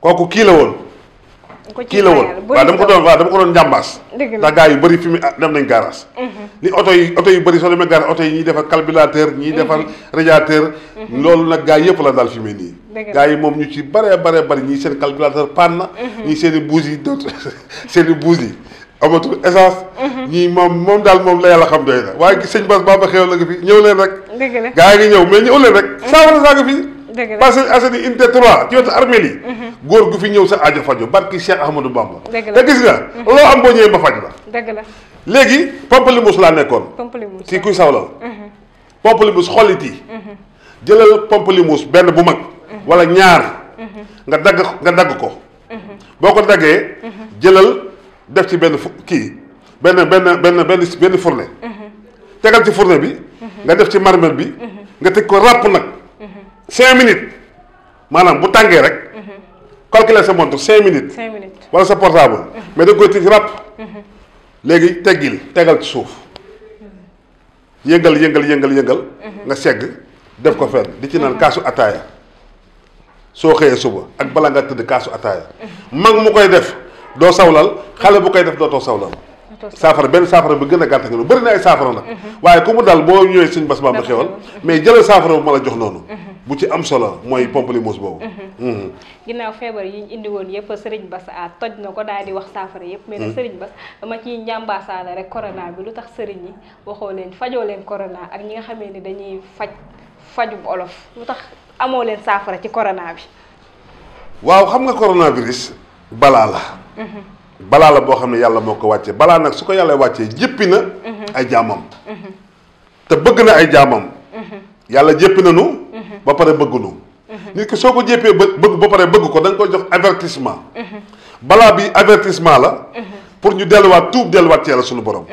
kooku kii la woon. kii la woon waaw dama ko doon waaw dama ko doon njàmbaas. ndax gars yu bari fi dem nañ garage. li mhm. oto yi oto yu bëri soo demee garage oto yi ñuy defar carburateur ñuy defar mhm. radiateur. Mhm. loolu nag gars yëpp la daal fi mu nii. gars yi moom ñu ci bëree bare bari ñu seen carburateur panne na. ñii seen i bouse yi doot seeni i yi yi amatul essence. ñii moom moom daal moom la yàlla xam doy na waaye sëñ Bass Baba xew la nga fi ñëw leen rek. dëgg la gars yi nga ñëw mais ñëw leen rek. saafara saa nga parce que assaini unité 3 ci wote armée li góor gu fi ñew sa aajo fajo barki Cheikh Ahmadou Bamba da gis nga mhm. lo am bo ñëwee ba faj la dëgg la léegi Pamplemousse laa nekkoon Pamplemousse ci kuy sawlal mhm. Pamplemousse xollit yi mhm. jëlal peuple Pamplemousse ben bu mag wala ñaar nga dag nga dag ko boko dagé daggee jëlal def ci benn kii ben ben ben ben benn fourne tégal ci fourné bi nga def ci marmel bi nga tek ko ràpp nag cinq minutes maanaam bu tàngee rek. calculer sa montre cinq minutes. cinq minutes wala sa portable. mais da koy tij ràpp. léegi teggil tegal ci suuf yëngal yëngal yëngal yëngal. nga segg def ko fenn di ci naan kaasu ataaya soo xëyee suba ak bala nga tëdd kaasu ataaya. mag mu koy def doo sawlal xale bu koy def dootoo sawlal. saafara benn saafara bi gën a gàtt nga lu bëri na ay saafara nag. Mhm. waaye ku mu daal boo ñëwee suñu bas ba xewal mais jëlal saafara bu la jox noonu. Mhm. bu ci am solo mooy pamplemousse boobu. Mhm. Mhm. ginnaaw feebar yi ñu indi woon yëpp Serigne Bass a ah, toj na ko daal di wax saafara yëpp. mais nag mhm. Serigne Bass dama ciy njàmbaasaale rek corona bi lu tax Serigne yi waxoo leen fajoo leen corona ak ñi nga xamee ni dañuy faj fajum olof lu tax amoo leen saafara ci corona bi. waaw xam nga coronavirus balaa la. balaa la boo xam ne yàlla moo ko wàccee balaa nag su ko yàlla wàccee jéppi na. ay jaamam. te bëgg na ay jaamam. yàlla ba pare bëggunu nit ki soo ko jéppee bëgg ba pare bëgg ko da nga koy jox avertissement balaa bi avertissement la pour ñu delluwaat tuub delluwaat ci yàlla suñu borom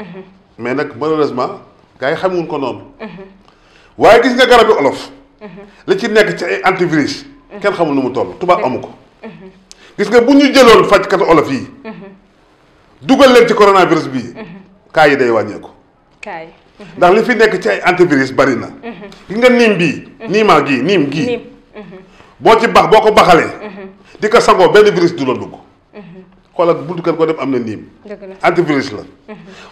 mais nag malheureusement gars yi ko noonu waaye gis nga garabi olof li ci nekk ci ay antivirus kenn xamul nu mu toll tubaab amu ko gis nga bu ñu jëloon fajkatu olof yi dugal leen ci coronavirus bii kaa yi day wàññeeku ndax li fi nekk ci ay antivirus bari na. Mhm. gis nga niim bii. Mhm. niimaa gii niim gii. Mhm. boo ci bax boo ko baxalee. di ko sangoo benn virus du la dugg. xoolal buntu kër ko dem am na niim. antivirus la.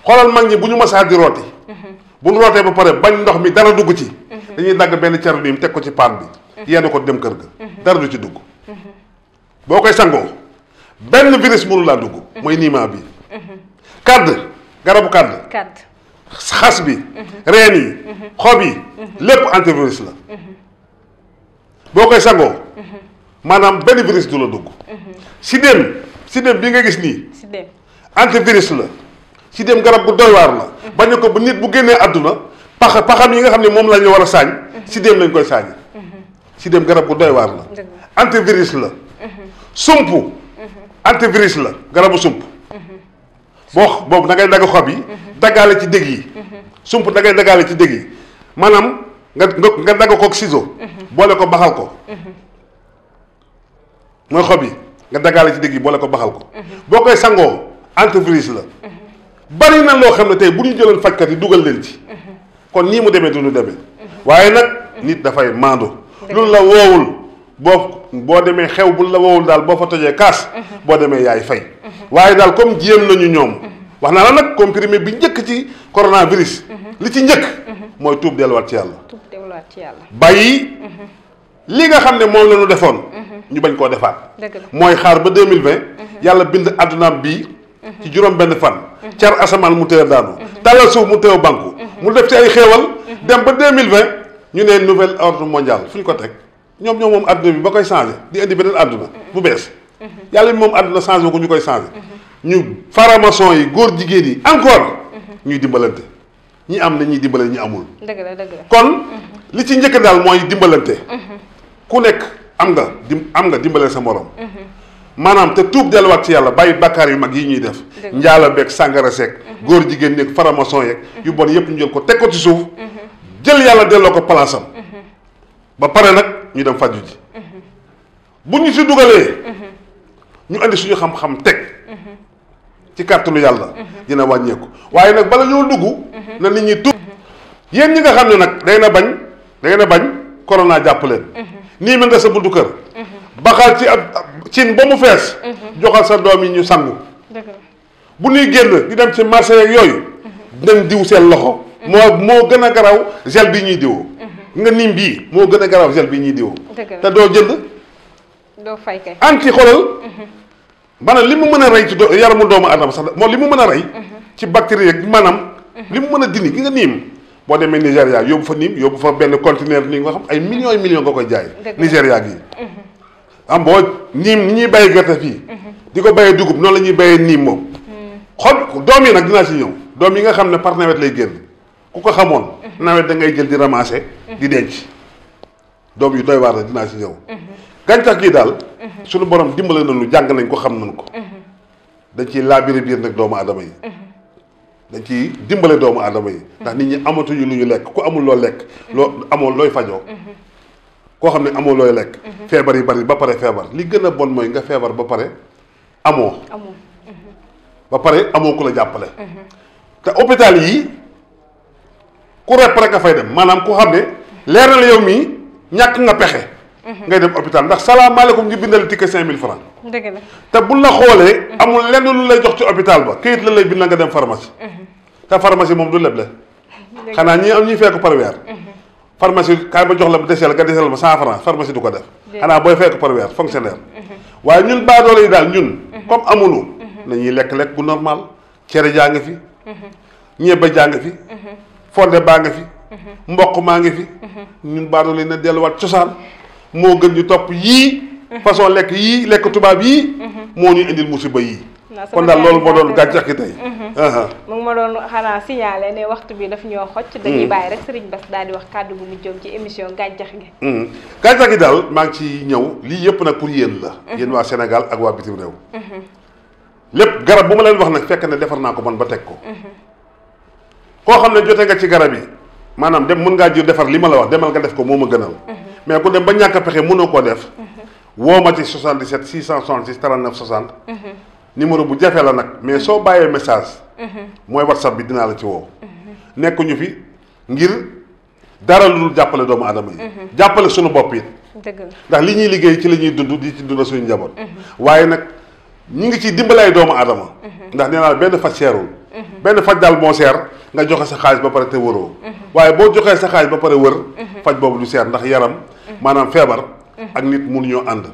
xoolal mag ñi bu ñu masaa di rooti. bu ñu rootee ba pare bañ ndox mi dara dugg ci. dañuy dagg benn caru niim teg ko ci paan bi. yenn ko dem kër ga. dara du ci dugg. boo koy sangoo benn virus mënu laa dugg. mooy niimaa bi. kàdd garabu kàdd. xas bi reen yi xob yi lépp antivirus la boo koy sangoo maanaam benn virus du la dugg sidéem sidéem bi nga gis nii antivirus la sidéem garab bu doy waar la bañ ne ko bu nit bu génnee àdduna pax paxam yi nga xam ne moom la ñu a saañ sidéem lañ koy saañ sidéem garab bu doy la antivirus la sump antivirus la garabu sump bok bok da ngay dagg xob yi. Mhm. daggaale ci dégg yi. Mhm. sump da ngay ci dégg yi maanaam nga nga dagg koog ciseau. Mhm. boole ko baxal ko. mooy xob yi nga daggaale ci dégg yi boole ko baxal ko. boo koy entreprise la. bari na lo xamne tay buñu jëlone ñu jëloon fajkat dugal leen ci. kon ni mu demee du ñu demee. waaye nak nit da fay maandu. loolu la woowul. boo boo demee xew bu la wowul daal boo fa tojee kaas boo demee yaay fay waaye daal comme jéem nañu ñoom wax naa la nag comprimé bi njëkk ci coronavirus li ci njëkk mooy tuub delluwaat ci yàlla tuub delluwaat ci yàlla bàyyi li nga xam ne moom la ñu defoon ñu bañ koo defaat mooy xaar ba 2020 yàlla bind addunaam bii ci juróom benn fan car asamaan mu teew daanu tàllal suuf mu teew banku mu def ci ay xeewal dem ba 2020 ñu ne nouvelle ordre mondial fu ñu ñoom ñoom moom adduna bi ba koy changé di indi beneen adduna mm-hmm. bu bees mm-hmm. yàlla bi moom adduna changé ko ñu koy changé mm-hmm. ñu faramason yi góor jigéen yi encore ñuy dimbalante ñi am na ñuy dimbalante ñi amul dëgg la kon li ci njëkk daal mooy dimbalante ku nekk am nga dim am nga dimbaleel sa morom maanaam te tuub delluwaat ci yàlla bàyyi bakkaar yu mag yi ñuy def njaala beeg sàngara seek góor jigéen neeg faramason yeeg yu bon yépp ñu jël ko teg ko ci suuf jël yàlla delloo ko palaasam ñu dem faju ji bu ñu si dugalee ñu indi suñu xam-xam teg ci kàttanu yàlla dina wàññeeku waaye nag bala ñoo dugg na nit ñi tub yéen ñi nga xam ne nag day na bañ day na bañ corona jàpp leen nii mel nga sa buntu kër baxal ci ab cin ba mu fees joxal sa doom yi ñu sangu bu ñuy génn di dem ci marché yeeg yooyu nañ diw seen loxo moo moo gën a garaw gel bi ñuy diwoo nga niim bii moo gën a garaaw gel bi ñuy diw te doo jënd doo fay kay anti xolal mhm. li mu mën a rey ci yaramu doomu adama sax moom li mu mën a rey mhm. ci bactérie ak maanaam mhm. li mu mën a dindi gi nga niim boo demee Nigéria yóbbu fa niim yóbbu fa benn conteneur nii nga xam ay millions yi millions nga koy jaay Nigéria gii am boo niim ni ñuy béyee gerte fii di ko béyee dugub noonu la ñuy béyee niim moom xol doom nag dinaa ci ñëw doom yi nga xam ne par nawet lay génn ku ko xamoon nawet da ngay jël di ramasser. di denc doom yu doy waar la dinaa si ñëw. gàncax gi daal. suñu borom dimbale na lu jàng nañ ko xam nañ ko. dañ ciy laabiri biir nag doomu adama yi. dañ ci dimbale doomu aadama yi. ndax nit ñi amatuñu lu ñu lekk ku amul loo lekk. loo amoo looy fajoo. koo xam ne amoo looy lekk. feebar yi bari ba pare feebar li gën a bon mooy nga feebar ba pare amoo. ba pare amoo ku la jàppale. te hôpital yi. ku rep rek fay dem manam ku xam ne na yow mi ñak nga pexé mhm. ngay dem hôpital ndax salam salaamaaleykum ñu bindal ticket 5000 francs deug la te bu la xolé amul lenn lu lay jox ci hôpital ba këyit la lay bind nga dem pharmacie mhm. te pharmacie mom du leble xana ñi am ñi fekk par weer mhm. pharmacie kaay ba jox la déssel ga déssel ba 100 francs pharmacie du ko def xana boy fekk par weer fonctionnaire waye ñun ba do lay dal ñun comme amunu nañuy lek lek bu normal cere jang fi ñeba jang fi fonde baa nga fi mhm. mboq maa ngi fi mhm. ñun baadoolo yi na delluwaat cosaan moo gën ñu topp yii mhm. façon lekk yii lekk tubaab yii moo ñu indil musiba yii kon daal loolu moo doon gàncax gi tey mu ngi ma doon xanaa signalé ne waxtu bi daf ñoo xocc hmm. dañuy bàyyi rek Serigne Bass daal di wax kàddu gu mujjoom ci émission gàncax gi hmm. gàncax gi daal maa ngi ci ñëw lii yëpp nag pour yéen la yéen waa Sénégal ak waa bitim réew lépp garab bu ma leen wax nag fekk ne defar naa ko man koo xam ne jote nga ci garab yi maanaam dem mun ngaa jur defar li ma la wax demal nga def ko moo ma gënal. Mhm. mais ku dem ba ñàkk a pexe mënoo koo def. Mhm. woo ma ci 77 666 39 60. numéro bu jafe la nag mais soo bàyyee message. Mhm. mooy whatsapp bi dinaa la ci woo. nekkuñu fi ngir dara lu jàppale doomu aadama yi. jàppale suñu bopp yi. dëgg la ndax li ñuy liggéey ci la ñuy dund di ci dund suñu njaboot. waaye nag ñu ngi ciy dimbalaay doomu aadama. ndax nee naa benn faj daal moo nga joxe sa xaalis ba pare te wëroo waaye boo joxee sa xaalis ba pare wër faj boobu du seet ndax yaram maanaam feebar ak nit mënuñoo ànd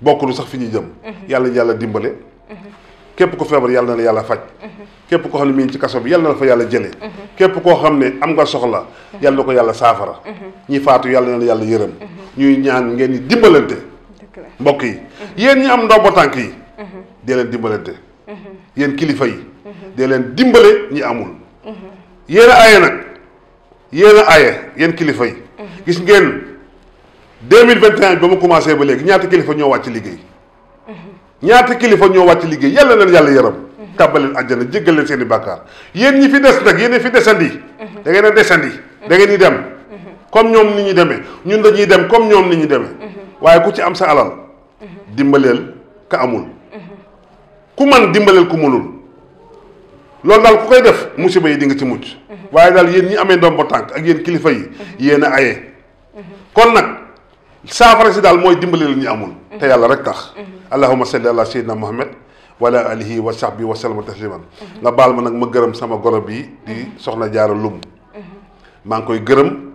bokkulu sax fi ñu jëm yàlla yàlla dimbale képp ko feebar yàlla na la yàlla faj képp koo xam ne mi ngi ci kaso bi yàlla na la fa yàlla jëlee képp koo xam ne am nga soxla yàlla na ko yàlla saafara ñi faatu yàlla na la yàlla yërëm ñuy ñaan ngeen di mbokk yi yéen ñi am ndombo tànk yi dee leen dimbalante yéen kilifa yi dee leen dimbale ñi amul yéen a aye nag yéen a aye yéen kilifa yi. gis ngeen deux mille vingt et un ba mu commencé ba léegi ñaata kilifa ñoo wàcc liggéey. ñaata kilifa ñoo wàcc liggéey yàlla leen yàlla yaram. tàbbaleen àjjana jéggal leen seen i bàkkaar yéen ñi fi des nag yéen fi desandi. da ngeen a desandi. da ngeen di dem. comme ñoom ni ñu demee ñun dañuy dem comme ñoom ni ñu demee. waaye ku ci am sa alal. dimbaleel ka amul. ku man dimbaleel ku mënul. lool dal ku koy def musibe yi di nga ci mucc mhm. waye dal yeen ñi ndom ndombo tank ak yeen kilifa yi mhm. yéen ayé mhm. kon nak saafara si dal moy dimbali la ñu amul te yalla rek tax allahumma salli ala sayyidina muhammad wala alihi wa sahbi wa sallam tasliman nga bal ma nak ma gërem sama gorob bi di soxna jaara lum ma ngi koy gërem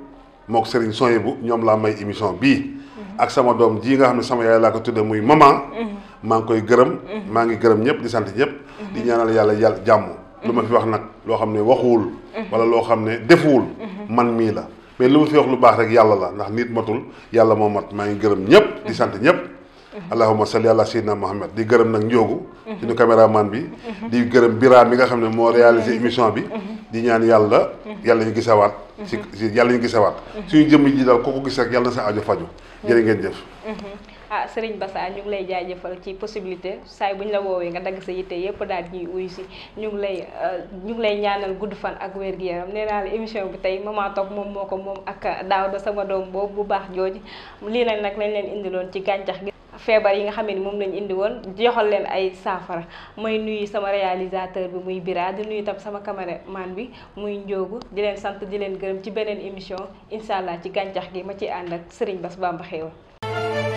mok serigne soye bu ñom la may émission bi ak sama dom ji nga xamne sama yaay la ko tudde muy maman ma ngi koy gërem ma ngi gërem ñep di sant ñep di ñaanal yalla yalla jamm lu ma fi wax nag loo xam ne waxuwul wala loo xam ne defuwul man mii la mais lu ma fi wax lu baax rek yàlla la ndax nit matul yàlla moo mat maa ngi gërëm ñëpp di sant ñëpp allahuma salli ala sayyidina muhammad di gërëm nag njoogu suñu man bi di gërëm biraam bi nga xam ne moo réalisé émission bi di ñaan yàlla yàlla ñu gisawaat si yàlla ñu gisawaat suñu jëmm ji daal kooku gis rek yàlla na sa aajo faju jërë ngeen jëf ah Serigne ñu ngi lay jaajëfal ci possibilité saay bu ñu la woowee nga dagg sa yitte yëpp daal ñuy uyu ñu ngi lay euh, ñu ngi lay ñaanal gudd fan ak wér gi yaram nee naa émission bi tey maman toog moom moo ko moom ak Daouda sama doom boobu bu baax jooju lii lañ nag lañ leen indiloon ci gàncax gi feebar yi nga xam ne moom lañ indi woon joxal leen ay saafara may nuyu sama réalisateur bi muy biraa di nuyu tam sama maan bi muy Ndiogu di leen sant di leen gërëm ci beneen émission incha allah ci gàncax gi ma ci ànd ak Serigne Bass Bamba Xéewal